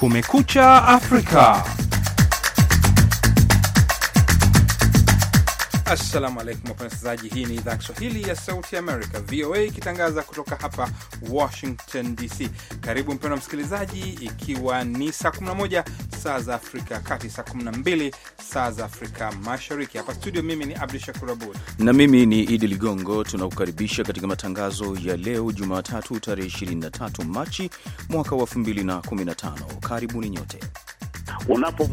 Kumekucha Afrika. Assalamu alaikum wapenzi wasikilizaji, hii ni idhaa Kiswahili ya Sauti Amerika VOA ikitangaza kutoka hapa Washington DC. Karibu mpendwa msikilizaji, ikiwa ni saa 11 saa za Afrika ya Kati, saa 12 saa za Afrika Mashariki. Hapa studio, mimi ni Abdu Shakur Abud na mimi ni Idi Ligongo. Tunakukaribisha katika matangazo ya leo Jumatatu tarehe 23 Machi mwaka wa 2015. Karibuni nyote unapo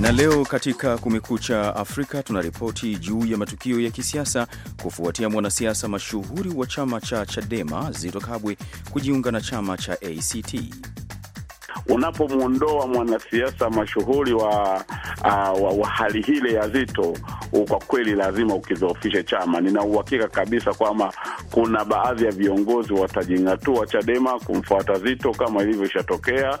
Na leo katika Kumekucha Afrika tunaripoti juu ya matukio ya kisiasa kufuatia mwanasiasa mashuhuri wa chama cha Chadema Zito Kabwe kujiunga na chama cha ACT. Unapomwondoa mwanasiasa mashuhuri wa, wa, wa hali hile ya Zito, kwa kweli lazima ukidhoofishe chama. Nina uhakika kabisa kwamba kuna baadhi ya viongozi watajing'atua Chadema kumfuata Zito kama ilivyoshatokea.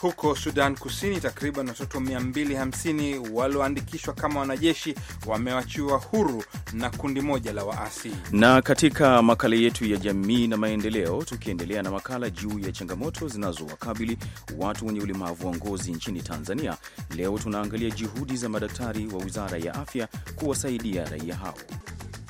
Huko Sudan Kusini, takriban watoto 250 walioandikishwa kama wanajeshi wamewachiwa huru na kundi moja la waasi. Na katika makala yetu ya jamii na maendeleo, tukiendelea na makala juu ya changamoto zinazowakabili watu wenye ulemavu wa ngozi nchini Tanzania, leo tunaangalia juhudi za madaktari wa Wizara ya Afya kuwasaidia raia hao.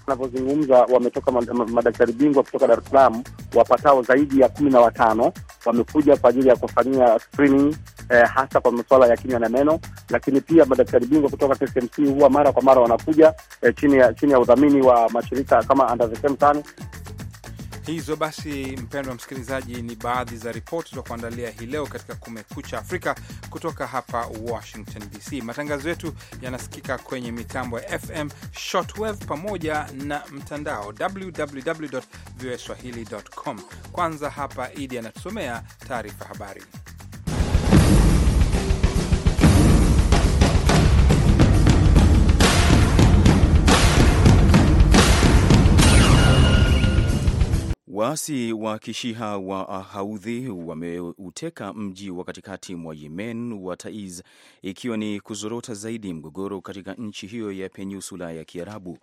Tunavyozungumza wametoka madaktari bingwa kutoka Dar es Salaam wapatao zaidi ya kumi na watano wamekuja kwa ajili ya kufanyia screening eh, hasa kwa masuala ya kinywa na meno, lakini pia madaktari bingwa kutoka KCMC huwa mara kwa mara wanakuja eh, chini ya chini ya udhamini wa mashirika kama Under the Same Sun hizo basi, mpendwa msikilizaji, ni baadhi za ripoti za kuandalia hii leo katika Kumekucha Afrika kutoka hapa Washington DC. Matangazo yetu yanasikika kwenye mitambo ya FM, shortwave pamoja na mtandao www voaswahili.com. Kwanza hapa Idi anatusomea taarifa habari. Waasi wa kishiha wa Haudhi wameuteka mji wa katikati mwa Yemen wa Taiz, ikiwa ni kuzorota zaidi mgogoro katika nchi hiyo ya penyusula ya Kiarabu.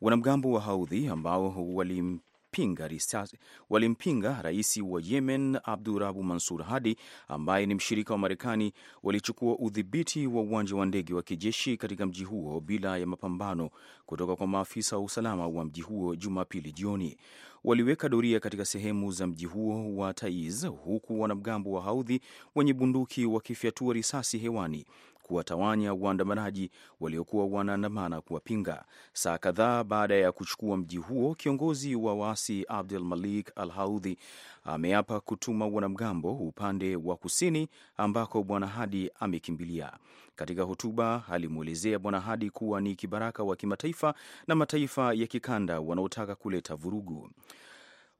Wanamgambo wa Haudhi ambao walim walimpinga, walimpinga rais wa Yemen Abdurabu Mansur Hadi ambaye ni mshirika wa Marekani, walichukua udhibiti wa uwanja wa ndege wa kijeshi katika mji huo bila ya mapambano kutoka kwa maafisa wa usalama wa mji huo. Jumapili jioni waliweka doria katika sehemu za mji huo wa Taiz, huku wanamgambo wa Haudhi wenye bunduki wakifyatua risasi hewani kuwatawanya waandamanaji waliokuwa wanaandamana kuwapinga. Saa kadhaa baada ya kuchukua mji huo, kiongozi wa waasi Abdul Malik Al Haudhi ameapa kutuma wanamgambo upande wa kusini ambako Bwana Hadi amekimbilia. Katika hotuba alimwelezea Bwana Hadi kuwa ni kibaraka wa kimataifa na mataifa ya kikanda wanaotaka kuleta vurugu.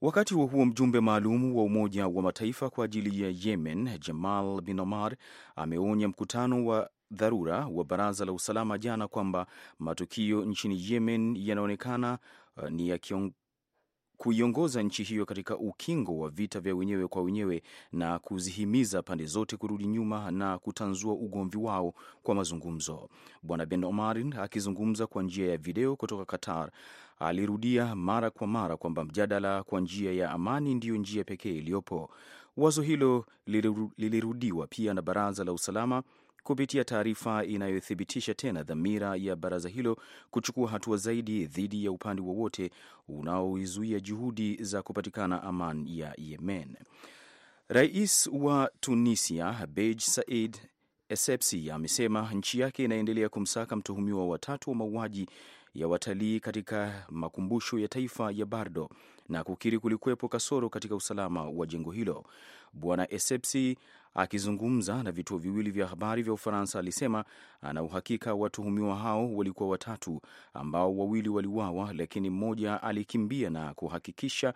Wakati huo huo, mjumbe maalum wa Umoja wa Mataifa kwa ajili ya Yemen Jamal bin Omar ameonya mkutano wa dharura wa Baraza la Usalama jana kwamba matukio nchini Yemen yanaonekana uh, ni ya kuiongoza nchi hiyo katika ukingo wa vita vya wenyewe kwa wenyewe na kuzihimiza pande zote kurudi nyuma na kutanzua ugomvi wao kwa mazungumzo. Bwana Ben Omar akizungumza kwa njia ya video kutoka Qatar alirudia mara kwa mara kwamba mjadala kwa njia ya amani ndiyo njia pekee iliyopo. Wazo hilo lilirudiwa pia na Baraza la Usalama kupitia taarifa inayothibitisha tena dhamira ya baraza hilo kuchukua hatua zaidi dhidi ya upande wowote unaoizuia juhudi za kupatikana amani ya Yemen. Rais wa Tunisia Beji Said Essebsi amesema nchi yake inaendelea kumsaka mtuhumiwa watatu wa mauaji ya watalii katika makumbusho ya taifa ya Bardo na kukiri kulikuwepo kasoro katika usalama wa jengo hilo. Bwana Essebsi Akizungumza na vituo viwili vya habari vya Ufaransa, alisema ana uhakika watuhumiwa hao walikuwa watatu, ambao wawili waliuawa, lakini mmoja alikimbia na kuhakikisha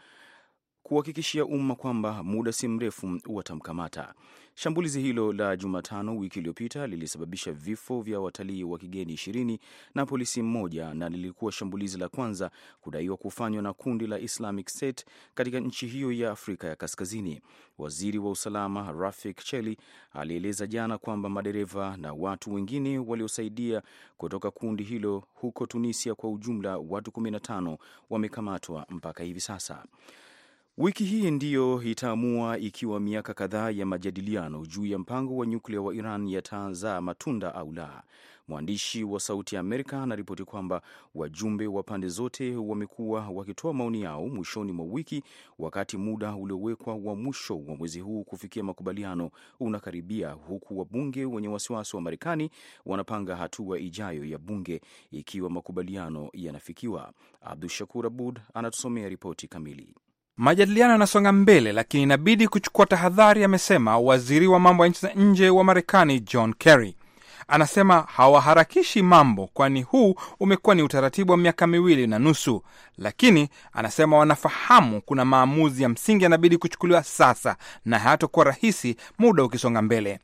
kuhakikishia umma kwamba muda si mrefu watamkamata. Shambulizi hilo la Jumatano wiki iliyopita lilisababisha vifo vya watalii wa kigeni ishirini na polisi mmoja na lilikuwa shambulizi la kwanza kudaiwa kufanywa na kundi la Islamic State katika nchi hiyo ya Afrika ya Kaskazini. Waziri wa usalama Rafik Cheli alieleza jana kwamba madereva na watu wengine waliosaidia kutoka kundi hilo huko Tunisia, kwa ujumla watu 15 wamekamatwa mpaka hivi sasa. Wiki hii ndiyo itaamua ikiwa miaka kadhaa ya majadiliano juu ya mpango wa nyuklia wa Iran yatazaa matunda au la. Mwandishi wa Sauti ya Amerika anaripoti kwamba wajumbe wa pande zote wamekuwa wakitoa maoni yao mwishoni mwa wiki, wakati muda uliowekwa wa mwisho wa mwezi huu kufikia makubaliano unakaribia, huku wabunge wenye wasiwasi wa Marekani wanapanga hatua ijayo ya bunge ikiwa makubaliano yanafikiwa. Abdu Shakur Abud anatusomea ripoti kamili. Majadiliano yanasonga mbele, lakini inabidi kuchukua tahadhari, amesema waziri wa mambo ya nchi za nje wa Marekani John Kerry. Anasema hawaharakishi mambo, kwani huu umekuwa ni utaratibu wa miaka miwili na nusu, lakini anasema wanafahamu kuna maamuzi ya msingi yanabidi kuchukuliwa sasa na hayatokuwa rahisi muda ukisonga mbele.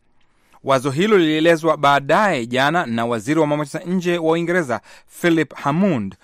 Wazo hilo lilielezwa baadaye jana na waziri wa mambo ya nje wa Uingereza Philip Hammond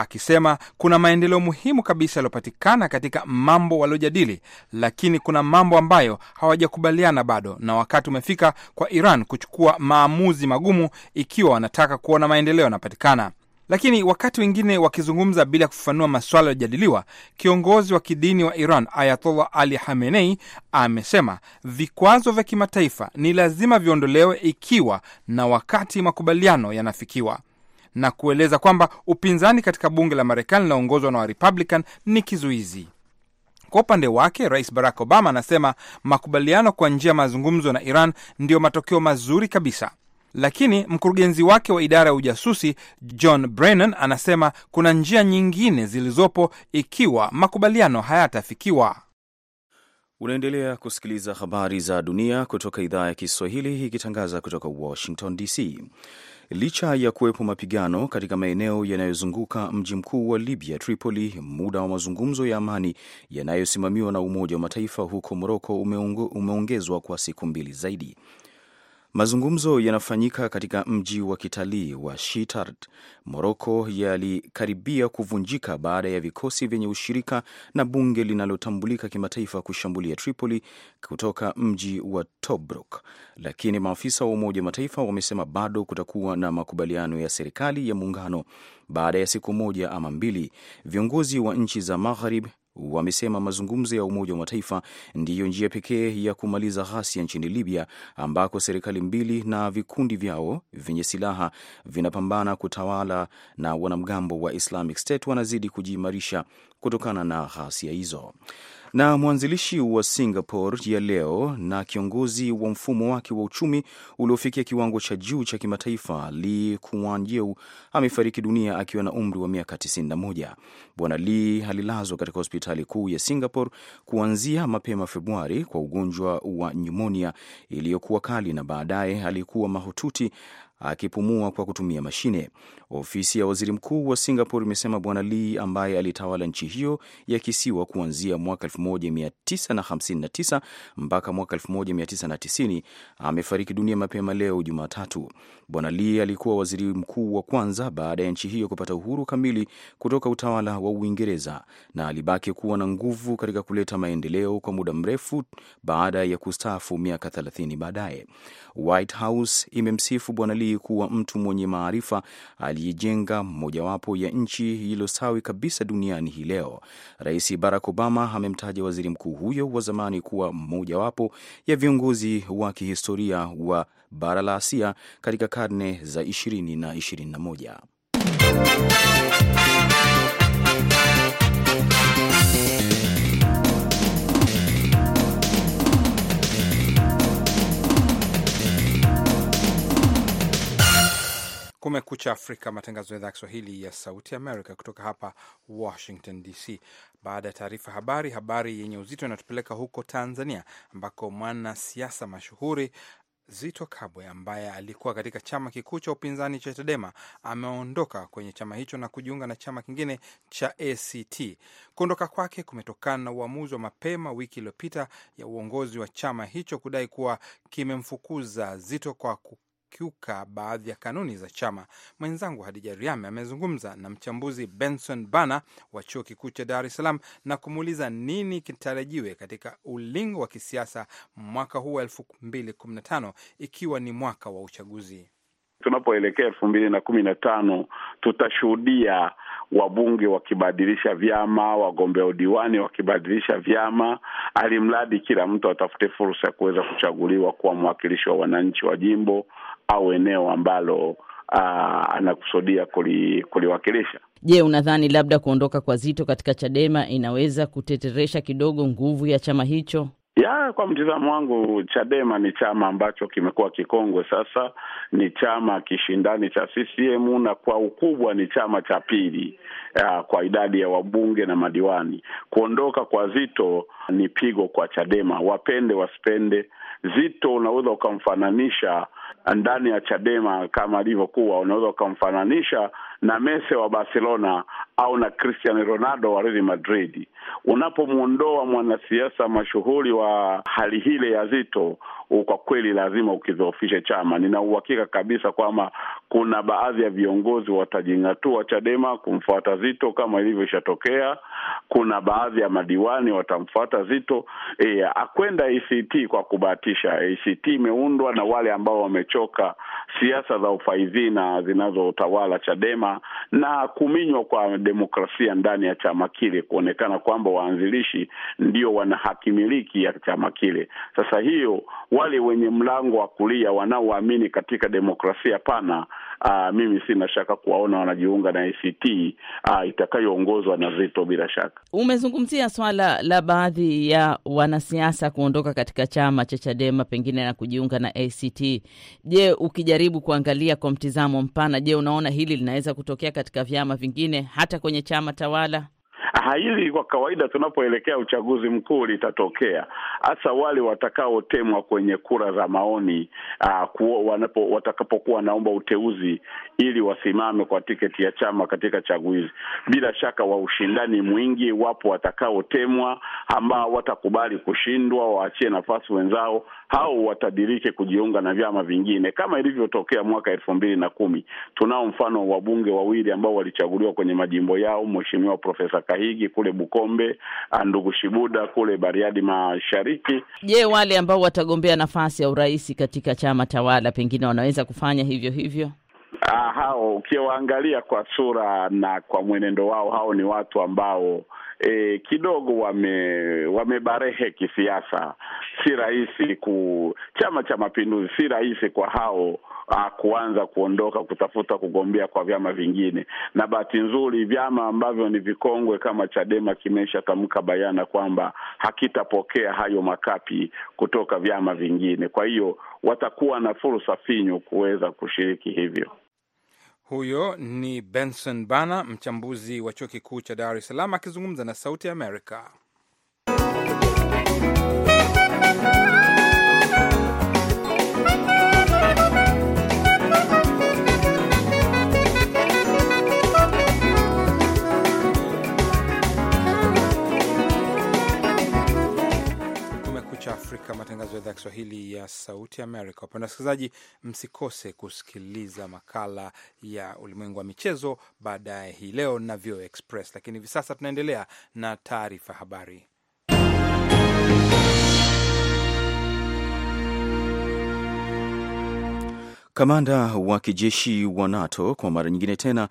akisema kuna maendeleo muhimu kabisa yaliyopatikana katika mambo waliojadili, lakini kuna mambo ambayo hawajakubaliana bado, na wakati umefika kwa Iran kuchukua maamuzi magumu ikiwa wanataka kuona maendeleo yanapatikana. Lakini wakati wengine wakizungumza bila kufafanua masuala yaliyojadiliwa, kiongozi wa kidini wa Iran Ayatollah Ali Hamenei amesema vikwazo vya kimataifa ni lazima viondolewe ikiwa na wakati makubaliano yanafikiwa na kueleza kwamba upinzani katika bunge la Marekani linaongozwa na Warepublican ni kizuizi. Kwa upande wake Rais Barack Obama anasema makubaliano kwa njia ya mazungumzo na Iran ndiyo matokeo mazuri kabisa, lakini mkurugenzi wake wa idara ya ujasusi John Brennan anasema kuna njia nyingine zilizopo ikiwa makubaliano hayatafikiwa. Unaendelea kusikiliza habari za dunia kutoka idhaa ya Kiswahili ikitangaza kutoka Washington DC. Licha ya kuwepo mapigano katika maeneo yanayozunguka mji mkuu wa Libya, Tripoli, muda wa mazungumzo ya amani yanayosimamiwa na Umoja wa Mataifa huko Moroko umeongezwa kwa siku mbili zaidi. Mazungumzo yanafanyika katika mji wa kitalii wa Shitard, Moroko, yalikaribia kuvunjika baada ya vikosi vyenye ushirika na bunge linalotambulika kimataifa kushambulia Tripoli kutoka mji wa Tobruk, lakini maafisa wa Umoja wa Mataifa wamesema bado kutakuwa na makubaliano ya serikali ya muungano baada ya siku moja ama mbili. Viongozi wa nchi za Magharib wamesema mazungumzo ya Umoja wa Mataifa ndiyo njia pekee ya kumaliza ghasia nchini Libya, ambako serikali mbili na vikundi vyao vyenye silaha vinapambana kutawala na wanamgambo wa Islamic State wanazidi kujiimarisha kutokana na ghasia hizo na mwanzilishi wa Singapore ya leo na kiongozi wa mfumo wake wa uchumi uliofikia kiwango cha juu cha kimataifa, Lee Kuan Yew amefariki dunia akiwa na umri wa miaka 91. Bwana Lee alilazwa katika hospitali kuu ya Singapore kuanzia mapema Februari kwa ugonjwa wa nyumonia iliyokuwa kali na baadaye alikuwa mahututi akipumua kwa kutumia mashine. Ofisi ya waziri mkuu wa Singapore imesema Bwana Lee ambaye alitawala nchi hiyo ya kisiwa kuanzia mwaka 1959 mpaka mwaka 1990 amefariki dunia mapema leo Jumatatu. Bwana Lee alikuwa waziri mkuu wa kwanza baada ya nchi hiyo kupata uhuru kamili kutoka utawala wa Uingereza na alibaki kuwa na nguvu katika kuleta maendeleo kwa muda mrefu baada ya kustaafu miaka 30 baadaye. White House imemsifu Bwana Lee kuwa mtu mwenye maarifa aliyejenga mojawapo ya nchi iliyosawi kabisa duniani hii leo. Rais Barack Obama amemtaja waziri mkuu huyo wa zamani kuwa mojawapo ya viongozi wa kihistoria wa bara la Asia katika karne za 20 na 21. Kumekucha Afrika, matangazo ya idhaa ya Kiswahili ya Sauti Amerika kutoka hapa Washington DC. Baada ya taarifa habari, habari yenye uzito inatupeleka huko Tanzania ambako mwanasiasa mashuhuri Zito Kabwe ambaye alikuwa katika chama kikuu cha upinzani cha Chadema ameondoka kwenye chama hicho na kujiunga na chama kingine cha ACT. Kuondoka kwake kumetokana na uamuzi wa mapema wiki iliyopita ya uongozi wa chama hicho kudai kuwa kimemfukuza Zito kwa kukiuka baadhi ya kanuni za chama. Mwenzangu Hadija Riame amezungumza na mchambuzi Benson Bana wa chuo kikuu cha Dar es Salaam na kumuuliza nini kitarajiwe katika ulingo wa kisiasa mwaka huu wa 215 ikiwa ni mwaka wa uchaguzi tunapoelekea elfu mbili na kumi na tano tutashuhudia wabunge wakibadilisha vyama, wagombea udiwani wakibadilisha vyama, alimradi kila mtu atafute fursa ya kuweza kuchaguliwa kuwa mwakilishi wa wananchi wa jimbo au eneo ambalo uh, anakusudia kuliwakilisha. Je, unadhani labda kuondoka kwa Zito katika Chadema inaweza kuteteresha kidogo nguvu ya chama hicho? ya kwa mtizamo wangu, Chadema ni chama ambacho kimekuwa kikongwe sasa, ni chama kishindani cha CCM na kwa ukubwa ni chama cha pili kwa idadi ya wabunge na madiwani. Kuondoka kwa Zito ni pigo kwa Chadema, wapende wasipende. Zito unaweza ukamfananisha ndani ya Chadema kama alivyokuwa, unaweza ukamfananisha na Messi wa Barcelona au na Cristiano Ronaldo wa Real Madrid. Unapomwondoa mwanasiasa mashuhuri wa hali hile ya Zito, kwa kweli lazima ukidhoofishe chama. Nina uhakika kabisa kwamba kuna baadhi ya viongozi watajing'atua Chadema kumfuata Zito kama ilivyoshatokea. Kuna baadhi ya madiwani watamfuata Zito e, eh, akwenda ACT kwa kubahatisha. ACT imeundwa na wale ambao wame umechoka siasa za ufaidhina zinazotawala Chadema na kuminywa kwa demokrasia ndani ya chama kile, kuonekana kwamba waanzilishi ndio wana haki miliki ya chama kile. Sasa hiyo wale wenye mlango wa kulia wanaoamini katika demokrasia pana uh, mimi sina shaka kuwaona wanajiunga na ACT uh, ah, itakayoongozwa na Zito. Bila shaka umezungumzia swala la baadhi ya wanasiasa kuondoka katika chama cha Chadema pengine na kujiunga na ACT. Je, ukijaribu kuangalia kwa mtizamo mpana, je, unaona hili linaweza kutokea katika vyama vingine hata kwenye chama tawala? Hili kwa kawaida, tunapoelekea uchaguzi mkuu litatokea, hasa wale watakaotemwa kwenye kura za maoni ah, wanapo, watakapokuwa wanaomba uteuzi ili wasimame kwa tiketi ya chama katika chaguzi. Bila shaka wa ushindani mwingi, wapo watakaotemwa ambao watakubali kushindwa, waachie nafasi wenzao, hao watadirike kujiunga na vyama vingine kama ilivyotokea mwaka elfu mbili na kumi. Tunao mfano wabunge wawili ambao walichaguliwa kwenye majimbo yao, mheshimiwa Profesa higi kule Bukombe, ah, ndugu Shibuda kule Bariadi Mashariki. Je, wale ambao watagombea nafasi ya urais katika chama tawala pengine wanaweza kufanya hivyo hivyo? Ah, hao ukiwaangalia kwa sura na kwa mwenendo wao, hao ni watu ambao e, kidogo wame wamebarehe kisiasa. Si rahisi ku Chama cha Mapinduzi, si rahisi kwa hao a, ah, kuanza kuondoka kutafuta kugombea kwa vyama vingine, na bahati nzuri vyama ambavyo ni vikongwe kama Chadema kimeshatamka bayana kwamba hakitapokea hayo makapi kutoka vyama vingine, kwa hiyo watakuwa na fursa finyu kuweza kushiriki hivyo. Huyo ni Benson Bana, mchambuzi wa chuo kikuu cha Dar es Salaam akizungumza na Sauti Amerika. Afrika, matangazo ya idhaa Kiswahili ya Sauti Amerika. Wapenda wasikilizaji, msikose kusikiliza makala ya ulimwengu wa michezo baadaye hii leo na VOA Express, lakini hivi sasa tunaendelea na taarifa habari. Kamanda wa kijeshi wa NATO kwa mara nyingine tena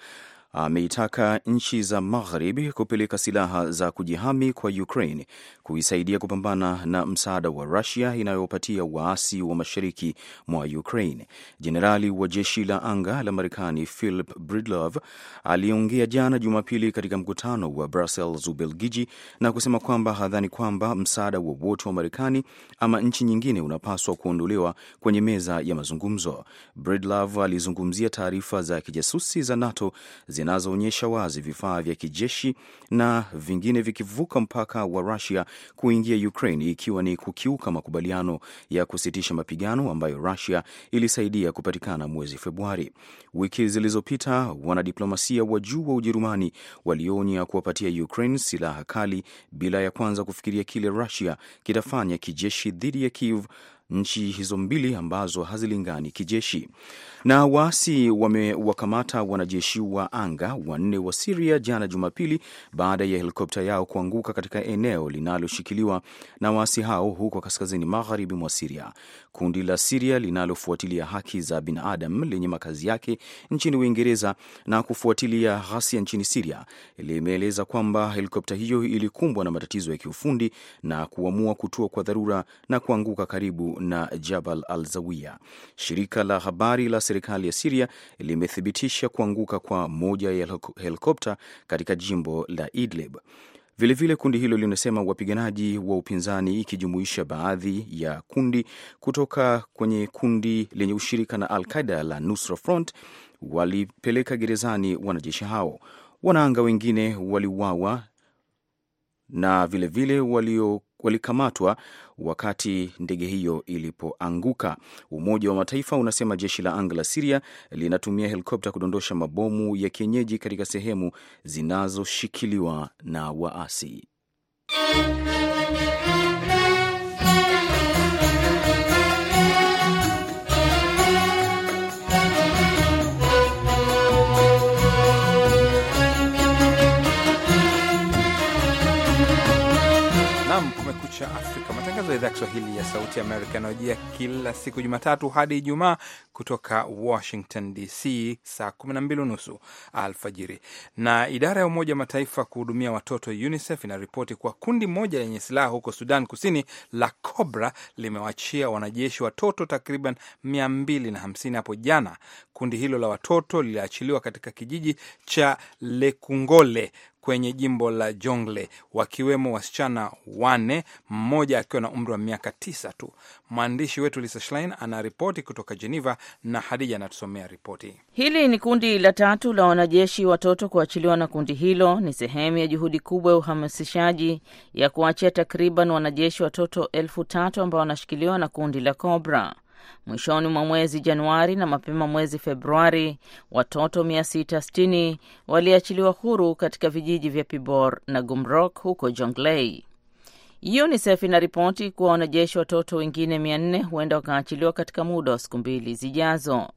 ameitaka nchi za Magharibi kupeleka silaha za kujihami kwa Ukraine kuisaidia kupambana na msaada wa Rusia inayopatia waasi wa mashariki mwa Ukraine. Jenerali wa jeshi la anga la Marekani Philip Bridlove aliongea jana Jumapili katika mkutano wa Brussels, Ubelgiji, na kusema kwamba hadhani kwamba msaada wowote wa Marekani ama nchi nyingine unapaswa kuondolewa kwenye meza ya mazungumzo. Bridlove alizungumzia taarifa za kijasusi za NATO zinazoonyesha wazi vifaa vya kijeshi na vingine vikivuka mpaka wa Rusia kuingia Ukraine, ikiwa ni kukiuka makubaliano ya kusitisha mapigano ambayo Rusia ilisaidia kupatikana mwezi Februari. Wiki zilizopita, wanadiplomasia wa juu wa Ujerumani walionya kuwapatia Ukraine silaha kali bila ya kwanza kufikiria kile Rusia kitafanya kijeshi dhidi ya Kiev nchi hizo mbili ambazo hazilingani kijeshi. Na waasi wamewakamata wanajeshi wa anga wanne wa Siria jana Jumapili baada ya helikopta yao kuanguka katika eneo linaloshikiliwa na waasi hao huko kaskazini magharibi mwa Siria. Kundi la Siria linalofuatilia haki za binadam lenye makazi yake nchini Uingereza na kufuatilia ghasia nchini Siria limeeleza kwamba helikopta hiyo ilikumbwa na matatizo ya kiufundi na kuamua kutua kwa dharura na kuanguka karibu na Jabal al Zawiya. Shirika la habari la serikali ya Siria limethibitisha kuanguka kwa moja ya helikopta katika jimbo la Idlib. Vilevile kundi hilo linasema wapiganaji wa upinzani ikijumuisha baadhi ya kundi kutoka kwenye kundi lenye ushirika na Al-Qaida la Nusra Front walipeleka gerezani wanajeshi hao. Wanaanga wengine waliuawa na vilevile walio walikamatwa wakati ndege hiyo ilipoanguka. Umoja wa Mataifa unasema jeshi la anga la Siria linatumia helikopta kudondosha mabomu ya kienyeji katika sehemu zinazoshikiliwa na waasi. Kumekucha Afrika, matangazo ya idhaa ya Kiswahili ya Sauti ya Amerika yanayojia kila siku Jumatatu hadi Ijumaa kutoka Washington DC saa 12 nusu alfajiri. Na idara ya Umoja wa Mataifa kuhudumia watoto UNICEF inaripoti kuwa kundi moja lenye silaha huko Sudan Kusini la Cobra limewachia wanajeshi watoto takriban 250 hapo jana. Kundi hilo la watoto liliachiliwa katika kijiji cha Lekungole kwenye jimbo la Jongle, wakiwemo wasichana wane, mmoja akiwa na umri wa miaka tisa tu. Mwandishi wetu Lisa Schlein anaripoti kutoka Geneva na Hadija anatusomea ripoti. Hili ni kundi la tatu la wanajeshi watoto kuachiliwa, na kundi hilo ni sehemu ya juhudi kubwa ya uhamasishaji ya kuachia takriban wanajeshi watoto elfu tatu ambao wanashikiliwa na kundi la Cobra. Mwishoni mwa mwezi Januari na mapema mwezi Februari, watoto 660 waliachiliwa huru katika vijiji vya Pibor na Gumrok huko Jonglei. UNICEF inaripoti kuwa wanajeshi watoto wengine 400 huenda wakaachiliwa katika muda wa siku mbili zijazo.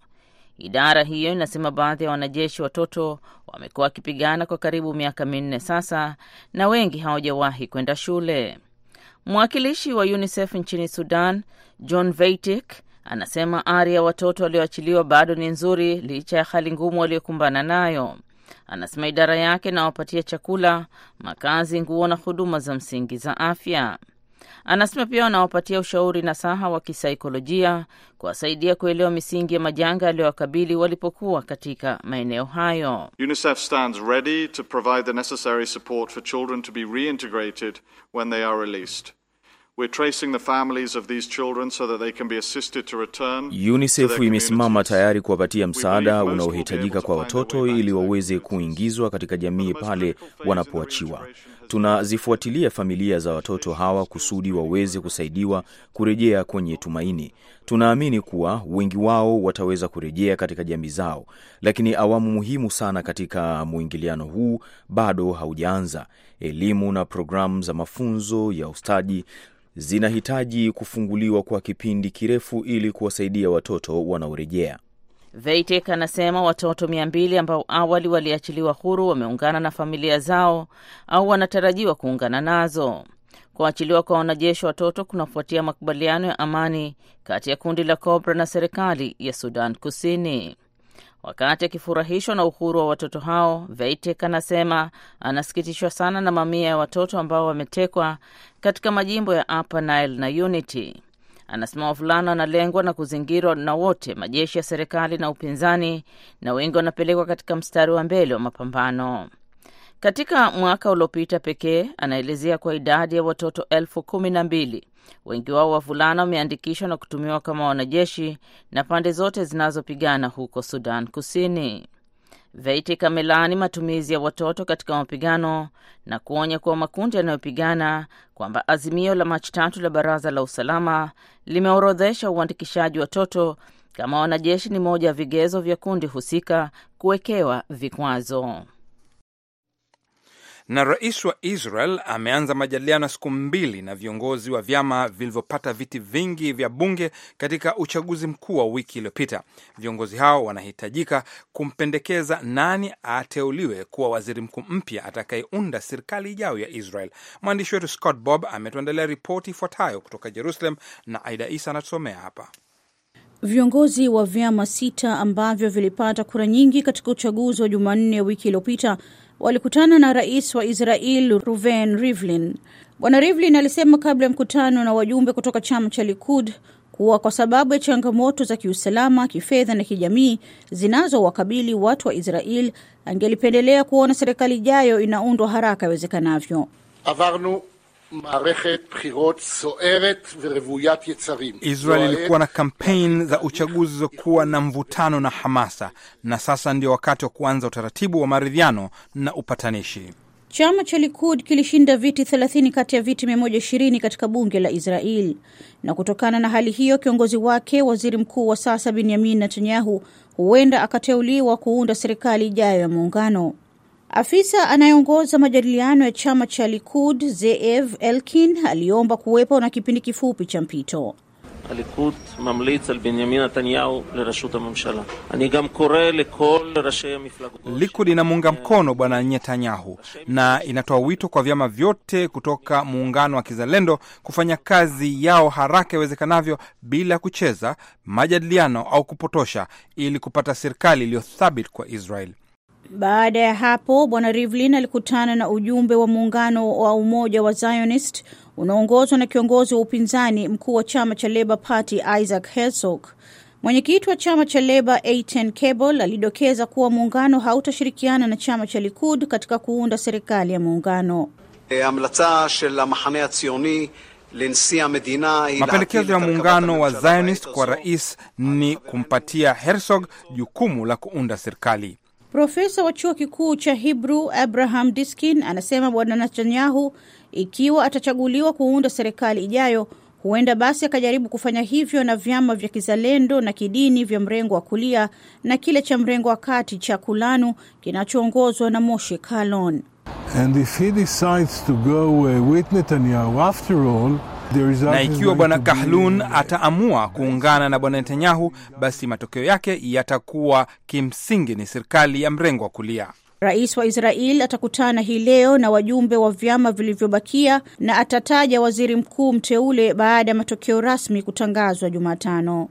Idara hiyo inasema baadhi ya wanajeshi watoto wamekuwa wakipigana kwa karibu miaka minne sasa na wengi hawajawahi kwenda shule. Mwakilishi wa UNICEF nchini Sudan, John Veitik, Anasema ari ya watoto walioachiliwa bado ni nzuri licha ya hali ngumu waliokumbana nayo. Anasema idara yake inawapatia chakula, makazi, nguo na huduma za msingi za afya. Anasema pia wanawapatia ushauri na saha wa kisaikolojia kuwasaidia kuelewa misingi ya majanga yaliyowakabili walipokuwa katika maeneo hayo. UNICEF stands ready to provide the necessary support for children to be reintegrated when they are released. UNICEF imesimama tayari kuwapatia msaada unaohitajika kwa watoto ili waweze kuingizwa katika jamii pale wanapoachiwa. Tunazifuatilia familia za watoto hawa kusudi waweze kusaidiwa kurejea kwenye tumaini. Tunaamini kuwa wengi wao wataweza kurejea katika jamii zao, lakini awamu muhimu sana katika mwingiliano huu bado haujaanza elimu na programu za mafunzo ya ustadi zinahitaji kufunguliwa kwa kipindi kirefu ili kuwasaidia watoto wanaorejea. Veitek anasema watoto mia mbili ambao awali waliachiliwa huru wameungana na familia zao au wanatarajiwa kuungana nazo. Kuachiliwa kwa wanajeshi watoto kunafuatia makubaliano ya amani kati ya kundi la Cobra na serikali ya Sudan Kusini. Wakati akifurahishwa na uhuru wa watoto hao, Veitek anasema anasikitishwa sana na mamia ya watoto ambao wametekwa katika majimbo ya Upper Nile na Unity. Anasema wavulana wanalengwa na kuzingirwa na wote, majeshi ya serikali na upinzani, na wengi wanapelekwa katika mstari wa mbele wa mapambano. Katika mwaka uliopita pekee, anaelezea kwa idadi ya watoto elfu kumi na mbili, wengi wao wavulana, wameandikishwa na kutumiwa kama wanajeshi na pande zote zinazopigana huko Sudan Kusini. Veiti kamelani matumizi ya watoto katika mapigano na kuonya kuwa makundi yanayopigana kwamba azimio la Machi tatu la Baraza la Usalama limeorodhesha uandikishaji watoto kama wanajeshi ni moja ya vigezo vya kundi husika kuwekewa vikwazo. Na rais wa Israel ameanza majadiliano ya siku mbili na viongozi wa vyama vilivyopata viti vingi vya bunge katika uchaguzi mkuu wa wiki iliyopita. Viongozi hao wanahitajika kumpendekeza nani ateuliwe kuwa waziri mkuu mpya atakayeunda serikali ijayo ya Israel. Mwandishi wetu Scott Bob ametuandalia ripoti ifuatayo kutoka Jerusalem, na Aida Isa anatusomea hapa. Viongozi wa vyama sita ambavyo vilipata kura nyingi katika uchaguzi wa Jumanne wiki iliyopita walikutana na rais wa Israel Ruven Rivlin. Bwana Rivlin alisema kabla ya mkutano na wajumbe kutoka chama cha Likud kuwa kwa sababu ya changamoto za kiusalama, kifedha na kijamii zinazowakabili watu wa Israel, angelipendelea kuona serikali ijayo inaundwa haraka iwezekanavyo. Israel ilikuwa na kampeni za uchaguzi zilizokuwa na mvutano na hamasa, na sasa ndio wakati wa kuanza utaratibu wa maridhiano na upatanishi. Chama cha Likud kilishinda viti 30 kati ya viti 120 katika bunge la Israel, na kutokana na hali hiyo, kiongozi wake, waziri mkuu wa sasa Benyamin Netanyahu, huenda akateuliwa kuunda serikali ijayo ya muungano. Afisa anayeongoza majadiliano ya chama cha Likud Zeev Elkin aliomba kuwepo na kipindi kifupi cha mpito. הליכוד inamuunga mkono bwana Netanyahu na inatoa wito kwa vyama vyote kutoka muungano wa kizalendo kufanya kazi yao haraka iwezekanavyo bila kucheza majadiliano au kupotosha ili kupata serikali thabit kwa israel baada ya hapo, Bwana Rivlin alikutana na ujumbe wa muungano wa umoja wa Zionist unaoongozwa na kiongozi wa upinzani mkuu wa chama cha Labour Party Isaac Herzog. Mwenyekiti wa chama cha Labour Aitan Cable alidokeza kuwa muungano hautashirikiana na chama cha Likud katika kuunda serikali ya muungano. Eh, Mapendekezo ya muungano wa Zionist kwa rais ni kumpatia Herzog jukumu la kuunda serikali. Profesa wa chuo kikuu cha Hebrew Abraham Diskin anasema bwana Netanyahu ikiwa atachaguliwa kuunda serikali ijayo, huenda basi akajaribu kufanya hivyo na vyama vya kizalendo na kidini vya mrengo wa kulia na kile cha mrengo wa kati cha Kulanu kinachoongozwa na Moshe Kalon. And if he decides to go with Netanyahu after all na ikiwa bwana Kahlun ataamua kuungana na bwana Netanyahu, basi matokeo yake yatakuwa kimsingi ni serikali ya mrengo wa kulia. Rais wa Israel atakutana hii leo na wajumbe wa vyama vilivyobakia na atataja waziri mkuu mteule baada ya matokeo rasmi kutangazwa Jumatano.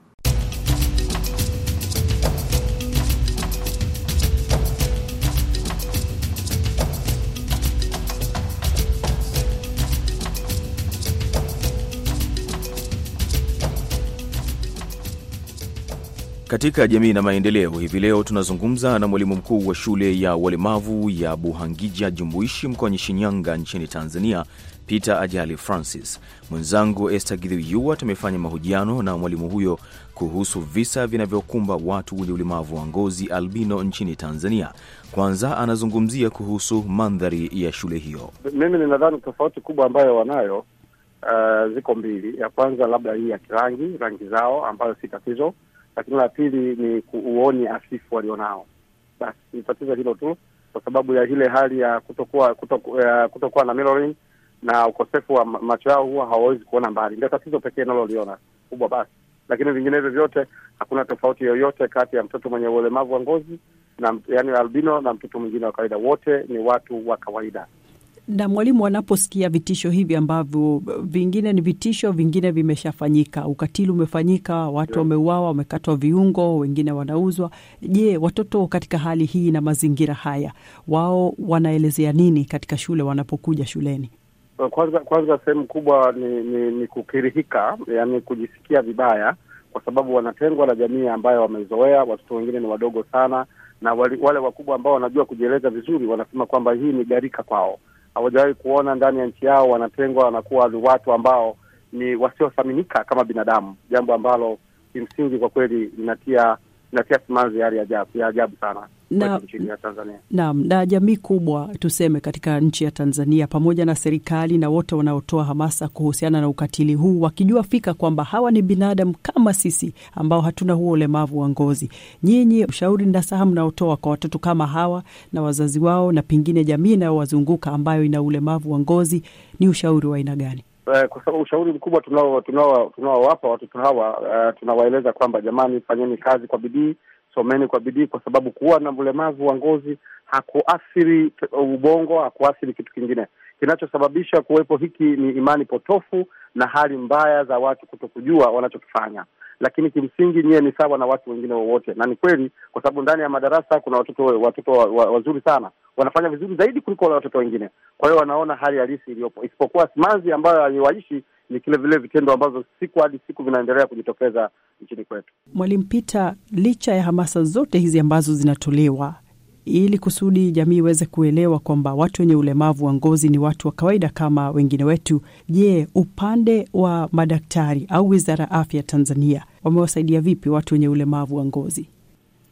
Katika jamii na maendeleo hivi leo tunazungumza na mwalimu mkuu wa shule ya walemavu ya Buhangija jumuishi mkoani Shinyanga nchini Tanzania, Peter Ajali Francis. Mwenzangu este Gidhiyua tumefanya mahojiano na mwalimu huyo kuhusu visa vinavyokumba watu wenye ulemavu wa ngozi albino nchini Tanzania. Kwanza anazungumzia kuhusu mandhari ya shule hiyo. Mimi ninadhani tofauti kubwa ambayo wanayo, uh, ziko mbili. Ya kwanza labda hii ya kirangi, rangi zao ambayo si tatizo lakini la pili ni kuuoni asifu walionao. Basi ni tatizo hilo tu, kwa sababu ya ile hali ya kutokuwa kutokuwa, kutokuwa na mirroring na ukosefu wa macho yao, huwa hawawezi kuona mbali. Ndio tatizo pekee naloliona kubwa basi, lakini vinginevyo vyote hakuna tofauti yoyote kati ya mtoto mwenye ulemavu wa ngozi na, yani albino na mtoto mwingine wa kawaida, wote ni watu wa kawaida na mwalimu anaposikia vitisho hivi ambavyo vingine ni vitisho, vingine vimeshafanyika, ukatili umefanyika, watu wameuawa, wamekatwa viungo, wengine wanauzwa. Je, watoto katika hali hii na mazingira haya, wao wanaelezea nini katika shule wanapokuja shuleni? Kwanza kwanza sehemu kubwa ni, ni, ni kukirihika, yani kujisikia vibaya, kwa sababu wanatengwa na jamii ambayo wamezoea. Watoto wengine ni wadogo sana, na wale wakubwa ambao wanajua kujieleza vizuri wanasema kwamba hii ni gharika kwao hawajawahi kuona ndani ya nchi yao wanatengwa, wanakuwa ni watu ambao ni wasiothaminika kama binadamu, jambo ambalo kimsingi kwa kweli linatia inatia simanzi hali ya ajabu sana na, Naam, na jamii kubwa tuseme katika nchi ya Tanzania pamoja na serikali na wote wanaotoa hamasa kuhusiana na ukatili huu wakijua fika kwamba hawa ni binadamu kama sisi ambao hatuna huo ulemavu wa ngozi. Nyinyi ushauri nasaha mnaotoa kwa watoto kama hawa na wazazi wao na pengine jamii inayowazunguka ambayo ina ulemavu wa ngozi ni ushauri wa aina gani? uh, kwa sababu ushauri mkubwa tunaowapa tunao, tunao watoto hawa uh, tunawaeleza kwamba jamani, fanyeni kazi kwa bidii, someni kwa bidii, kwa sababu kuwa na ulemavu wa ngozi hakuathiri ubongo, hakuathiri kitu kingine. Kinachosababisha kuwepo hiki ni imani potofu na hali mbaya za watu kuto kujua wanachokifanya lakini kimsingi nyie ni sawa na watu wengine wowote, na ni kweli, kwa sababu ndani ya madarasa kuna watoto watoto wa, wa, wazuri sana wanafanya vizuri zaidi kuliko wale watoto wengine. Kwa hiyo wanaona hali halisi iliyopo, isipokuwa simanzi ambayo aliwaishi ni kile vile vitendo ambavyo siku hadi siku vinaendelea kujitokeza nchini kwetu. Mwalimu Peter, licha ya hamasa zote hizi ambazo zinatolewa ili kusudi jamii iweze kuelewa kwamba watu wenye ulemavu wa ngozi ni watu wa kawaida kama wengine wetu. Je, upande wa madaktari au wizara ya afya Tanzania wamewasaidia vipi watu wenye ulemavu wa ngozi?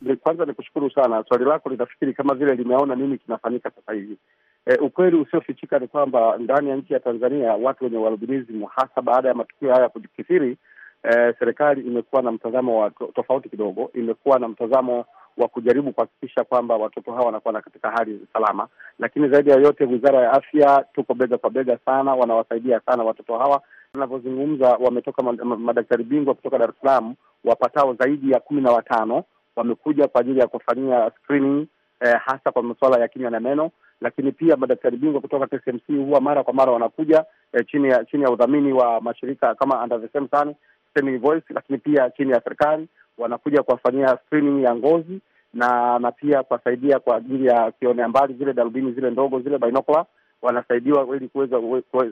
Eh, kwanza ni kushukuru sana, swali lako linafikiri kama vile limeona nini kinafanyika sasa hivi. E, ukweli usiofichika ni kwamba ndani ya nchi ya Tanzania watu wenye ualbinizimu hasa baada ya matukio haya kujikithiri, e, serikali imekuwa na mtazamo wa tofauti kidogo, imekuwa na mtazamo wa kujaribu kuhakikisha kwamba watoto hawa wanakuwa katika hali salama. Lakini zaidi ya yote, wizara ya afya tuko bega kwa bega sana, wanawasaidia sana watoto hawa. Tunavyozungumza, wametoka madaktari bingwa kutoka Dar es Salaam wapatao zaidi ya kumi na watano wamekuja kwa ajili ya kufanyia screening eh, hasa kwa masuala ya kinywa na meno. Lakini pia madaktari bingwa kutoka TSMC huwa mara kwa mara wanakuja eh, chini ya chini ya udhamini wa mashirika kama Under the Same Sun, Voice, lakini pia chini ya serikali wanakuja kuwafanyia screening ya ngozi na na pia kuwasaidia kwa ajili ya kionea mbali, zile darubini zile ndogo zile binokula wanasaidiwa ili kuweza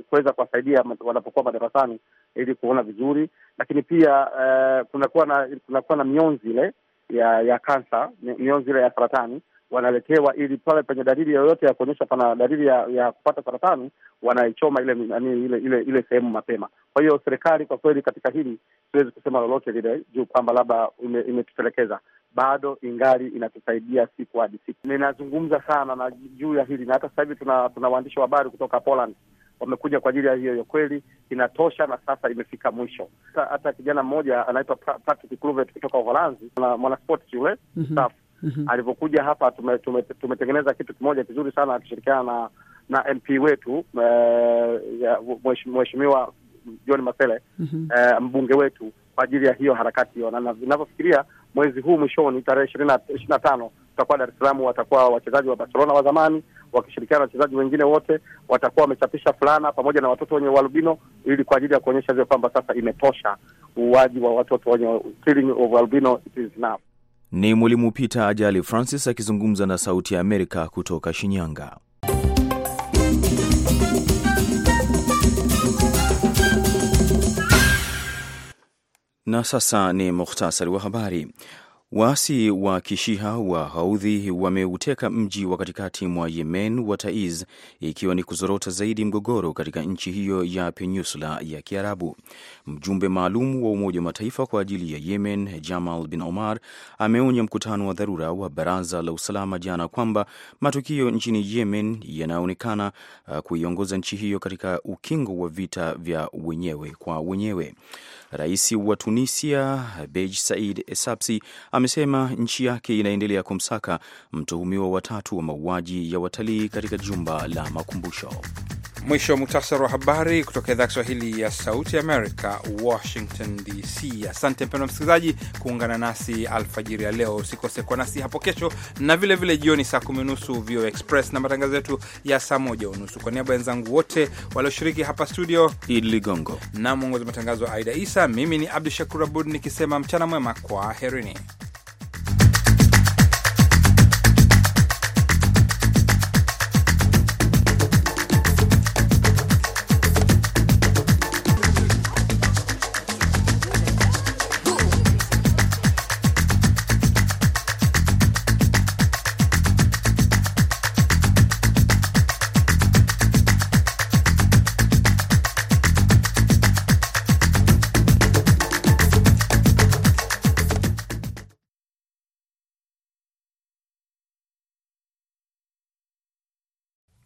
kuweza kuwasaidia wanapokuwa madarasani ili kuona vizuri, lakini pia uh, kunakuwa na kunakuwa na mionzi ile ya ya kansa, mionzi ile ya saratani wanaletewa, ili pale penye dalili yoyote ya kuonyesha pana dalili ya, ya kupata saratani wanaichoma ile nani, ile ile ile sehemu mapema. Kwa hiyo serikali kwa kweli katika hili siwezi kusema lolote lile juu kwamba labda imetutelekeza bado ingali inatusaidia siku hadi siku. Ninazungumza sana na juu ya hili na hata sasa hivi tuna, tuna waandishi wa habari kutoka Poland wamekuja kwa ajili ya hiyo hiyo. Kweli inatosha na sasa imefika mwisho. Hata kijana mmoja anaitwa Patrick kutoka Uholanzi, mwanaspoti yule mm -hmm. -hmm. Alivyokuja hapa tume, tume, tumetengeneza kitu kimoja kizuri sana akishirikiana na na MP wetu e, mheshimiwa John Masele mm -hmm. e, mbunge wetu kwa ajili ya hiyo harakati hiyo, na ninavyofikiria mwezi huu mwishoni, tarehe ishirini na tano tutakuwa Dar es Salaam, watakuwa wachezaji wa Barcelona wa zamani wakishirikiana na wachezaji wengine wote, watakuwa wamechapisha fulana pamoja na watoto wenye ualbino, ili kwa ajili ya kuonyesha hivyo kwamba sasa imetosha uuaji wa watoto wenye of albino, it is enough. Ni Mwalimu Peter Ajali Francis akizungumza na Sauti ya Amerika kutoka Shinyanga. Na sasa ni muhtasari wa habari. Waasi wa kishiha wa Haudhi wameuteka mji wa katikati mwa Yemen wa Taiz, ikiwa ni kuzorota zaidi mgogoro katika nchi hiyo ya peninsula ya Kiarabu. Mjumbe maalum wa Umoja wa Mataifa kwa ajili ya Yemen, Jamal bin Omar, ameonya mkutano wa dharura wa Baraza la Usalama jana kwamba matukio nchini Yemen yanaonekana uh, kuiongoza nchi hiyo katika ukingo wa vita vya wenyewe kwa wenyewe. Rais wa Tunisia Bej Said esapsi amesema nchi yake inaendelea kumsaka mtuhumiwa watatu wa mauaji ya watalii katika jumba la makumbusho. Mwisho wa muhtasari wa habari kutoka idhaa Kiswahili ya Sauti ya Amerika, Washington DC. Asante mpendwa msikilizaji kuungana nasi alfajiri ya leo. Usikose kuwa nasi hapo kesho na vilevile vile jioni saa kumi unusu VOA Express na matangazo yetu ya saa moja unusu. Kwa niaba ya wenzangu wote walioshiriki hapa studio, Idi Ligongo na mwongozi matangazo Aida Isa kabisa. Mimi ni Abdu Shakur Abud nikisema mchana mwema, kwa herini